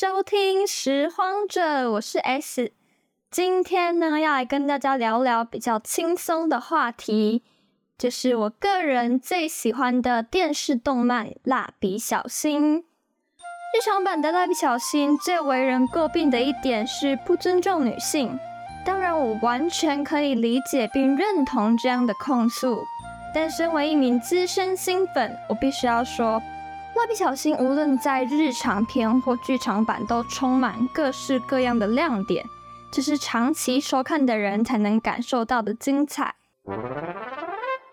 收聽拾荒者，我是 S。今天呢，要來跟大家聊聊比較輕鬆的話題，就是我個人最喜歡的電視動漫《蠟筆小新》。日常版的蠟筆小新最為人詬病的一點是不尊重女性，當然我完全可以理解並認同這樣的控訴，但身為一名資深新粉，我必須要說。蠟筆小新無論在日常篇或劇場版都充滿各式各樣的亮點，這是長期收看的人才能感受到的精彩。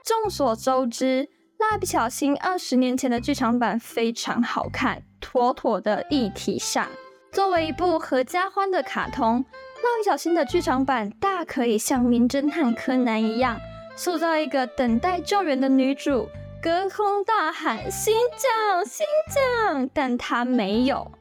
眾所周知，蠟筆小新二十年前的劇場版非常好看，妥妥的議題向。作為一部合家歡的卡通，蠟筆小新的劇場版大可以像名偵探柯南一樣，塑造一個等待救援的女主。隔空大喊“新醬、新醬，但他沒有。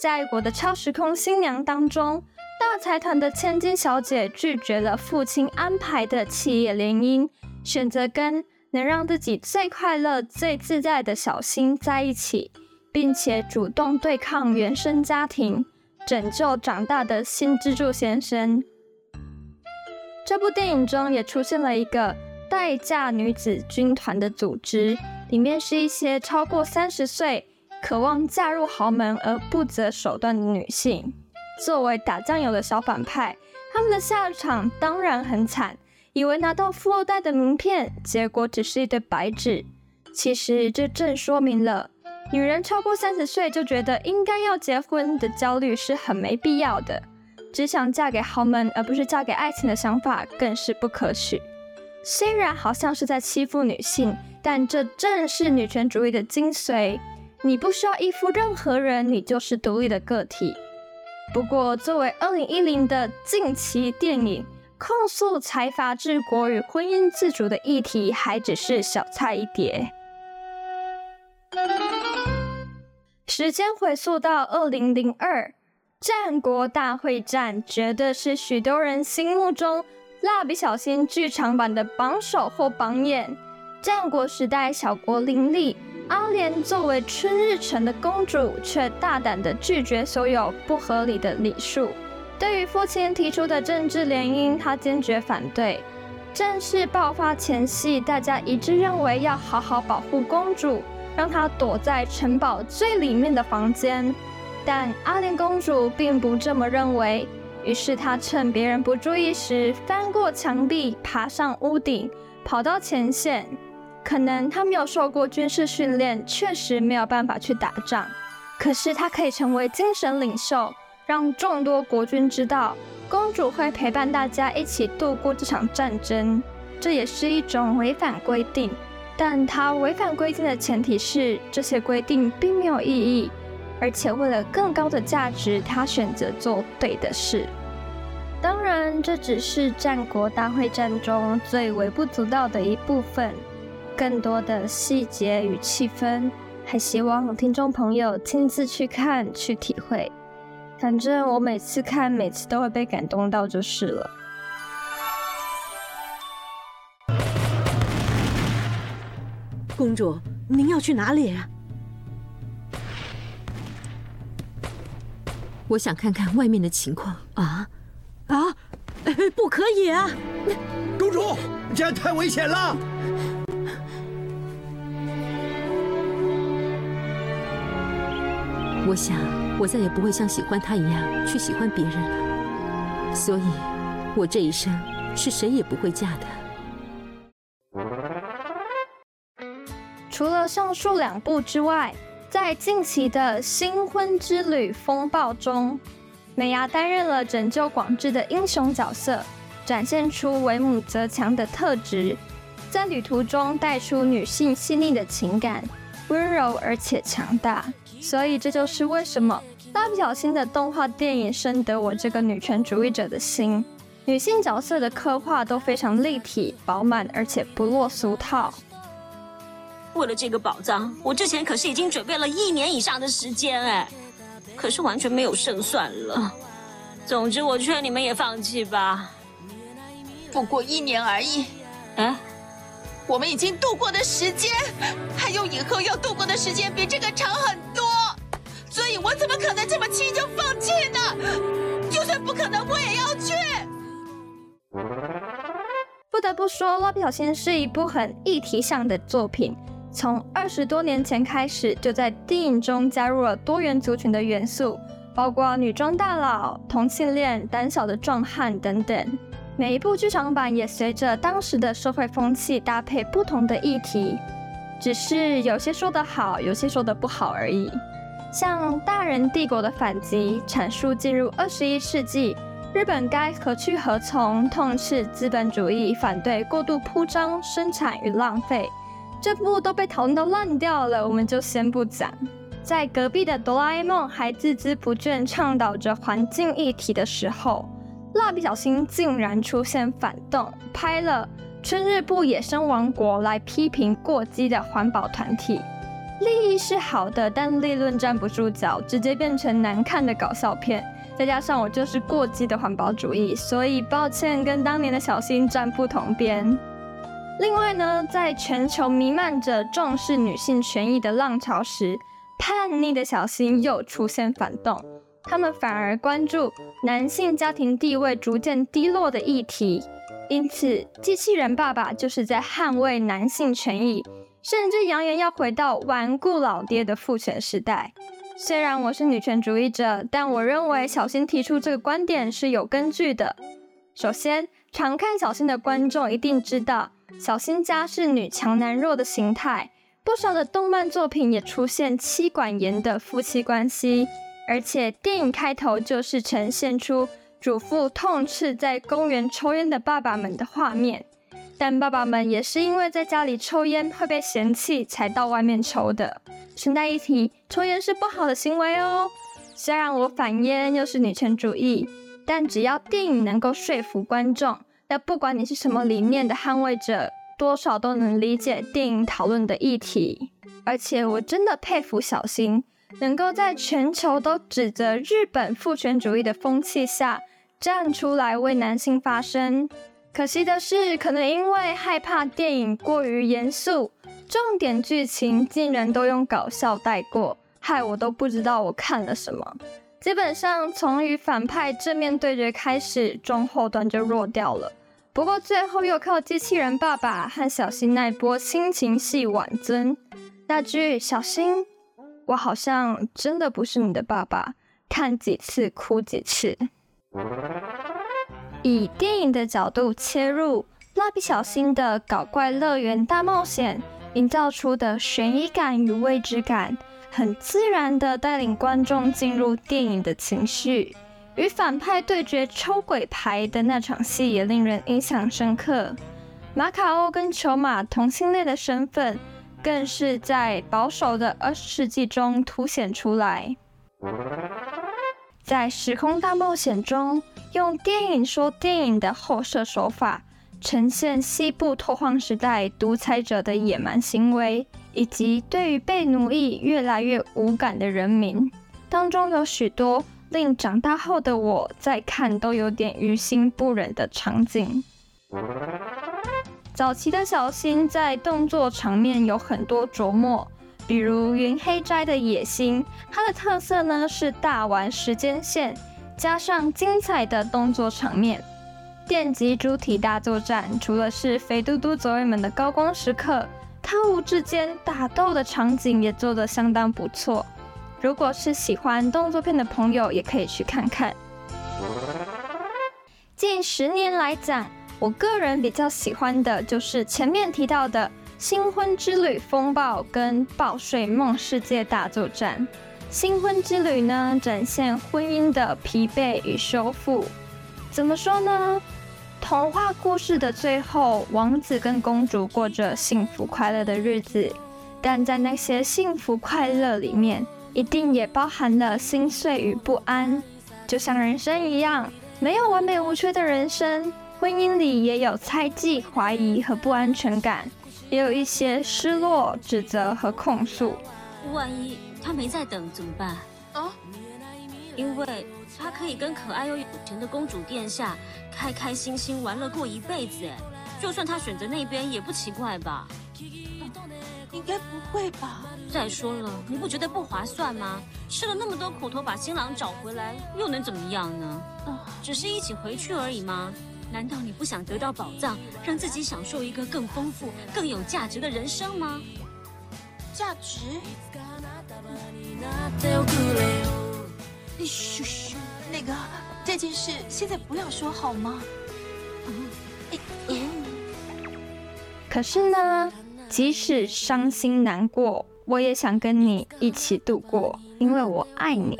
在我的超時空新娘當中，大財團的千金小姐拒絕了父親安排的企業聯姻，選擇跟能讓自己最快樂、最自在的小新在一起，並且主動對抗原生家庭，拯救長大的新之助先生。這部電影中也出現了一個。待嫁女子軍團的組織裡面是一些超過三十歲、渴望嫁入豪門而不擇手段的女性。作為打醬油的小反派，他們的下場當然很慘。以為拿到富二代的名片，結果只是一堆白紙。其實這正說明了，女人超過三十歲就覺得應該要結婚的焦慮是很沒必要的。只想嫁給豪門而不是嫁給愛情的想法更是不可取。雖然好像是在欺負女性，但這正是女權主義的精髓。你不需要依附任何人，你就是獨立的個體。不過，作為2010的近期電影，控訴財閥治國與婚姻自主的議題還只是小菜一碟。時間回溯到2002，戰國大會戰絕對是許多人心目中。蠟筆小新劇場版的榜首或榜眼。戰國時代，小國林立。阿蓮作為春日城的公主，卻大膽地拒絕所有不合理的禮數。對於父親提出的政治聯姻，她堅決反對。戰事爆發前夕，大家一致認為要好好保護公主，讓她躲在城堡最裡面的房間。但阿蓮公主並不這麼認為。於是他趁別人不注意時，翻過牆壁，爬上屋頂，跑到前線。可能他沒有受過軍事訓練，確實沒有辦法去打仗。可是他可以成為精神領袖，讓眾多國軍知道公主會陪伴大家一起度過這場戰爭。這也是一種違反規定，但他違反規定的前提是這些規定並沒有意義。而且為了更高的價值，他選擇做對的事。當然，這只是戰國大會戰中最微不足道的一部分，更多的細節與氣氛，還希望聽眾朋友親自去看去體會。反正我每次看，每次都會被感動到，就是了。公主，您要去哪裡啊？我想看看外面的情況啊，啊、哎，不可以啊！公主，這樣太危險了。我想，我再也不會像喜歡他一樣去喜歡別人了。所以，我這一生是誰也不會嫁的。除了上述兩部之外。在近期的《新婚之旅風暴》中，美伢擔任了拯救廣志的英雄角色，展現出為母則強的特質，在旅途中帶出女性細膩的情感，溫柔而且強大。所以這就是為什麼蠟筆小新的動畫電影深得我這個女權主義者的心。女性角色的刻畫都非常立體、飽滿，而且不落俗套。為了這個寶藏，我之前可是已經準備了一年以上的時間哎，可是完全沒有勝算了。總之，我勸你們也放棄吧。不過一年而已，哎，我們已經度過的時間，還有以後要度過的時間比這個長很多，所以我怎麼可能這麼輕易就放棄呢？就算不可能，我也要去。不得不說了，《蠟筆小新》是一部很議題上的作品。從二十多年前開始，就在電影中加入了多元族群的元素，包括女裝大佬、同性戀、膽小的壯漢等等。每一部劇場版也隨着當時的社會風氣搭配不同的議題，只是有些說得好，有些說得不好而已。像《大人帝國的反擊》闡述進入二十一世紀，日本該何去何從，痛斥資本主義，反對過度鋪張生產與浪費。這部都被討論到爛掉了，我們就先不講。在隔壁的哆啦 A 夢還孜孜不倦倡導着環境議題的時候，蠟筆小新竟然出現反動，拍了《春日部野生王國》來批評過激的環保團體。利益是好的，但立論站不住腳，直接變成難看的搞笑片。再加上我就是過激的環保主義，所以抱歉，跟當年的小新站不同邊。另外呢，在全球彌漫着重視女性權益的浪潮時，叛逆的小新又出現反動，他們反而關注男性家庭地位逐漸低落的議題。因此，機器人爸爸就是在捍衛男性權益，甚至揚言要回到頑固老爹的父權時代。雖然我是女權主義者，但我認為小新提出這個觀點是有根據的。首先，常看小新的觀眾一定知道。小新家是女強男弱的形態，不少的動漫作品也出現妻管嚴的夫妻關係，而且電影開頭就是呈現出主婦痛斥在公園抽煙的爸爸們的畫面，但爸爸們也是因為在家裡抽煙會被嫌棄才到外面抽的。順帶一提，抽煙是不好的行為哦。雖然我反煙又是女權主義，但只要電影能夠說服觀眾。但不管你是什麼理念的捍衛者，多少都能理解電影討論的議題。而且我真的佩服小新，能夠在全球都指責日本父權主義的風氣下，站出來為男性發聲。可惜的是，可能因為害怕電影過於嚴肅，重點劇情竟然都用搞笑帶過，害我都不知道我看了什麼。基本上從與反派正面對決開始，中後段就弱掉了。不過最後又靠機器人爸爸和小新那一波親情戲挽尊。那句“小新，我好像真的不是你的爸爸”，看幾次哭幾次。 以電影的角度切入，《蠟筆小新的搞怪樂園大冒險》營造出的懸疑感與未知感。很自然地帶領觀眾進入電影的情緒，與反派對決抽鬼牌的那場戲也令人印象深刻。馬卡歐跟裘馬同性戀的身份，更是在保守的二十世紀中凸顯出來。在《時空大冒險》中，用電影說電影的後設手法，呈現西部拓荒時代獨裁者的野蠻行為，以及對於被奴役越來越無感的人民，當中有許多令長大後的我再看都有點於心不忍的場景。早期的小新在動作場面有很多琢磨，比如雲黑齋的野心，它的特色呢，是大玩時間線，加上精彩的動作場面。電擊豬蹄大作戰除了是肥嘟嘟左衛門的高光時刻，貪污之間打鬥的場景也做得相當不錯。如果是喜歡動作片的朋友，也可以去看看。近十年來講，我個人比較喜歡的就是前面提到的新婚之旅、風暴跟爆睡夢世界大作戰。新婚之旅呢，展現婚姻的疲憊與修復。怎麼說呢？童話故事的最後，王子跟公主過着幸福快樂的日子，但在那些幸福快樂裡面，一定也包含了心碎與不安。就像人生一樣，沒有完美無缺的人生，婚姻裡也有猜忌、懷疑和不安全感，也有一些失落、指責和控訴。萬一他沒在等怎麼辦？哦。因為他可以跟可愛又有錢的公主殿下開開心心玩樂過一輩子，哎，就算他選擇那邊也不奇怪吧？應該不會吧？再說了，你不覺得不划算嗎？吃了那麼多苦頭把新郎找回來，又能怎麼樣呢？嗯，只是一起回去而已嗎？難道你不想得到寶藏，讓自己享受一個更豐富、更有價值的人生嗎？價值。噓噓，那個這件事現在不要說好嗎？嗯欸欸、可是呢，即使傷心難過，我也想跟你一起度過，因為我愛你，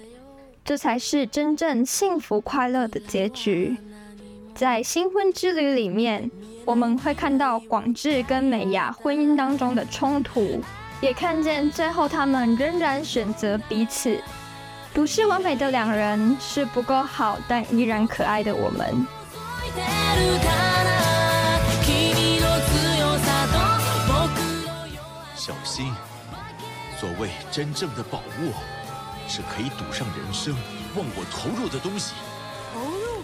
這才是真正幸福快樂的結局。在新婚之旅裡面，我們會看到廣志跟美伢婚姻當中的衝突，也看見最後他們仍然選擇彼此。不是完美的兩人，是不夠好但依然可愛的我們。小新，所謂真正的寶物，是可以賭上人生、忘我投入的東西。投入，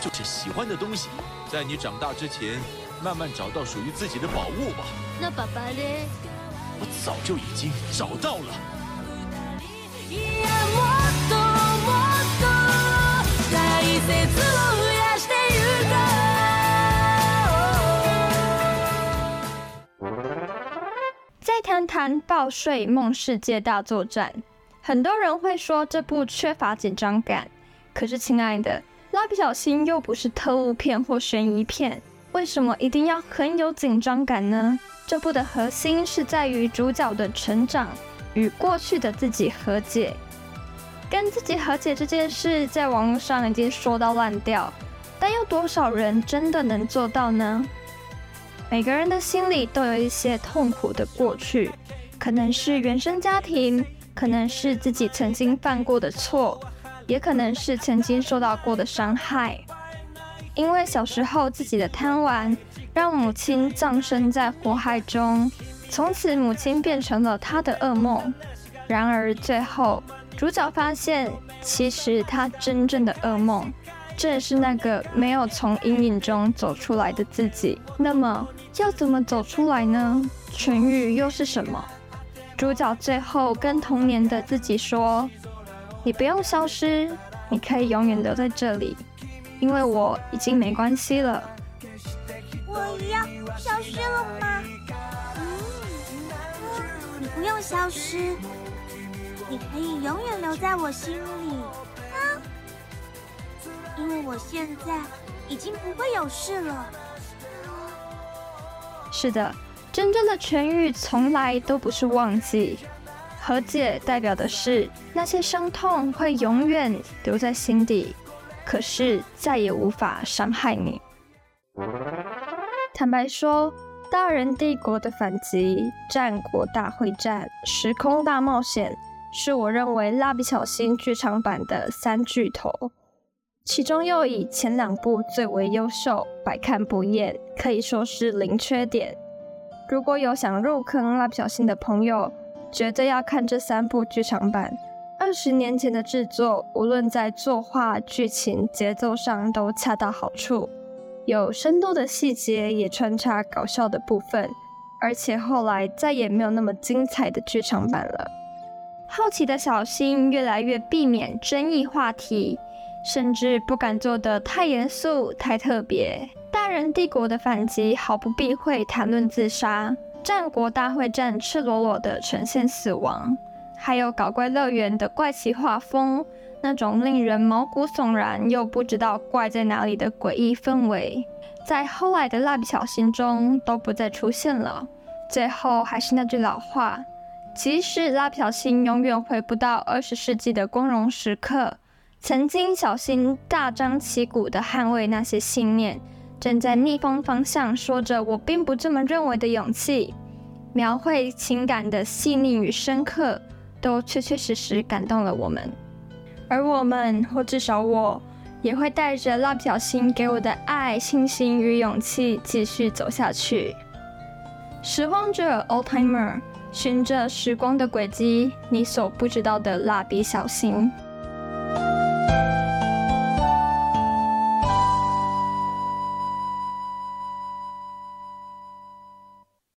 就是喜歡的東西。在你長大之前，慢慢找到屬於自己的寶物吧。那爸爸呢？我早就已經找到了。《談爆睡夢世界大作戰》，很多人會說這部缺乏緊張感。可是，親愛的，蠟筆小新又不是特務片或懸疑片，為什麼一定要很有緊張感呢？這部的核心是在於主角的成長與過去的自己和解。跟自己和解這件事，在網絡上已經說到爛掉，但又多少人真的能做到呢？每個人的心裡都有一些痛苦的過去，可能是原生家庭，可能是自己曾經犯過的錯，也可能是曾經受到過的傷害。因為小時候自己的貪玩，讓母親葬身在火海中，從此母親變成了他的噩夢。然而最後，主角發現，其實他真正的噩夢。這是那個沒有從陰影中走出來的自己。那麼要怎麼走出來呢？痊癒又是什麼？主角最後跟童年的自己說：“你不用消失，你可以永遠留在這裡，因為我已經沒關係了。”我要消失了嗎？嗯，你不用消失，你可以永遠留在我心裡。因為我現在已經不會有事了。是的，真正的痊癒從來都不是忘記，和解代表的是那些傷痛會永遠留在心底，可是再也無法傷害你。坦白說，《大人帝國的反擊》《戰國大會戰》《時空大冒險》是我認為蠟筆小新劇場版的三巨頭。其中又以前兩部最為優秀，百看不厭，可以說是零缺點。如果有想入坑蠟筆小新的朋友，絕對要看這三部劇場版。二十年前的制作，無論在作畫、劇情、節奏上都恰到好處，有深度的細節也穿插搞笑的部分，而且後來再也沒有那麼精彩的劇場版了。好奇的小新越來越避免爭議話題。甚至不敢做得太嚴肅、太特別。大人帝國的反擊毫不避諱談論自殺，戰國大會戰赤裸裸的呈現死亡，還有搞怪樂園的怪奇畫風，那種令人毛骨悚然又不知道怪在哪裡的詭異氛圍，在後來的蠟筆小新中都不再出現了。最後還是那句老話：即使蠟筆小新永遠回不到二十世紀的光榮時刻。曾經，小新大張旗鼓地捍衛那些信念，正在逆風方向說着“我並不這麼認為”的勇氣，描繪情感的細膩與深刻，都確確實實感動了我們。而我們，或至少我，也會帶着蠟筆小新給我的愛、信心與勇氣，繼續走下去。時光者 Oldtimer，循着時光的軌跡，你所不知道的蠟筆小新。